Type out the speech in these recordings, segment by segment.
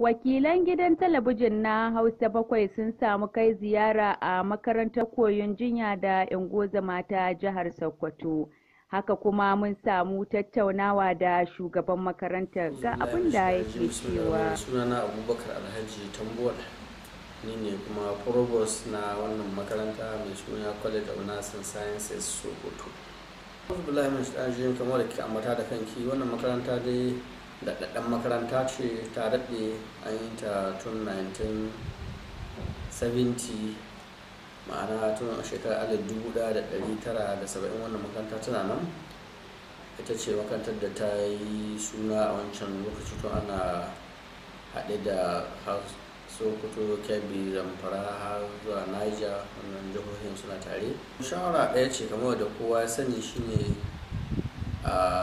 Wakilan gidan talabijin na Hausa bakwai sun samu kai ziyara a makarantar koyon jinya da Ingozama ta jihar Sokoto. Haka kuma mun samu tattaunawa da shugaban makarantar ga abin da ya ke cewa. Sunana Abubakar Alhaji Tambuwal ni ne kuma provost na wannan makaranta mai suna College of Nursing Sciences Sokoto. shi kamar da da kanki wannan makaranta dai ɗaɗɗan makaranta ce ta daɗe an yi ta tun 1970 ma'ana tun a shekarar 1970 wannan makaranta tana nan ita ce makarantar da ta yi suna a wancan lokaci tun ana haɗe da sokoto kebbi zamfara har zuwa niger wannan jihohin suna tare shawara ɗaya ce kamar da kowa ya sani shine a ah,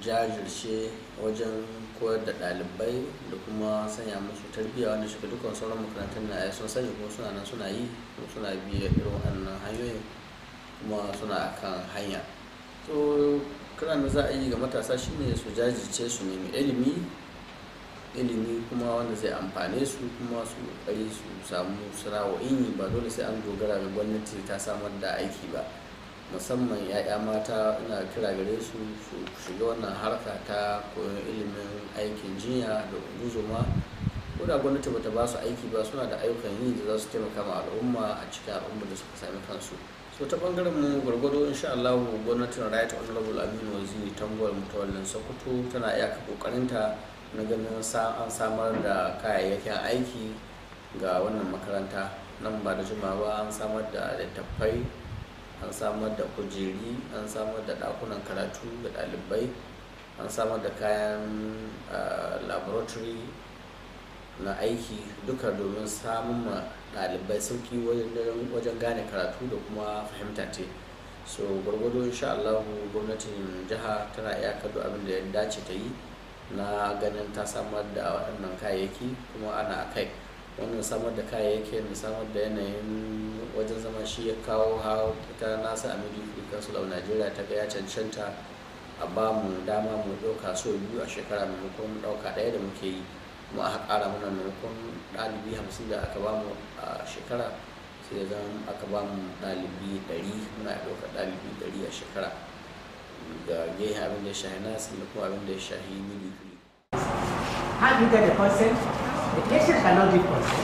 jajirce wajen koyar da ɗalibai da kuma sanya musu tarbiyya wanda shiga dukkan sauran makarantar na sun sani kuma suna nan suna yi kuma suna biya irin wannan hanyoyin kuma suna kan hanya to kiran da za a yi ga matasa shine su jajirce su nemi ilimi ilimi kuma wanda zai amfane su kuma su ƙari su samu yi ba dole sai an dogara ga gwamnati ta samar da aiki ba musamman ya'ya mata na kira gare su su shiga wannan harka ta koyon ilimin aikin jinya da guzuma ko da gwamnati bata ba su aiki ba suna da ayyukan yi da za su taimaka ma al'umma a cikin al'umma da suka sami kansu so ta bangaren mu gwargwado insha Allah gwamnatin right honorable Aminu Waziri tambawar Mutawallin Sokoto tana iya kokarinta na ganin an samar da kayayyakin aiki ga wannan makaranta nan ba da jimawa an samar da littattafai an samar da kujeri an samar da ɗakunan karatu da ɗalibai an samar da kayan laboratory na aiki duka domin samun ma ɗalibai sauki wajen gane karatu da kuma fahimta ce so gwargwado insha allahu gwamnatin jiha tana iyakar da abin da ya dace ta yi na ganin ta samar da waɗannan kayayyaki kuma ana kai wannan samar da kayayyakin da samar da yanayin wajen zama shi ya kawo ha ta nasa a middle council of nigeria ta ga ya cancanta a ba mu dama mu ɗauka so biyu a shekara maimakon ɗauka ɗaya da muke yi mu aka ƙara mana maimakon ɗalibi hamsin da aka ba mu a shekara sai ya zama aka ba mu ɗalibi ɗari muna ɗauka ɗalibi ɗari a shekara ga gehen abin da ya shahi nasi da kuma abin da ya shahi middle Have you got a The patients are not deported,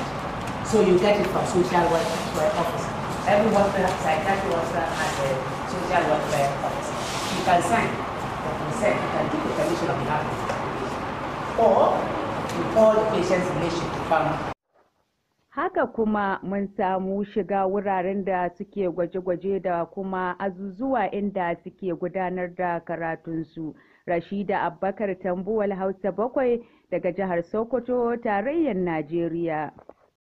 so you get it from social welfare office Every welfare, psychiatric welfare has a social welfare office You can sign for consent, you can give the permission on behalf of the office Or you call the patient's nation to family. Haka kuma mun samu shiga wuraren da suke gwaje-gwaje da kuma azuzuwa inda suke gudanar da karatunsu. su. Rashida Abubakar Tambuwal Hausa bakwai daga jihar Sokoto tarayyar Najeriya.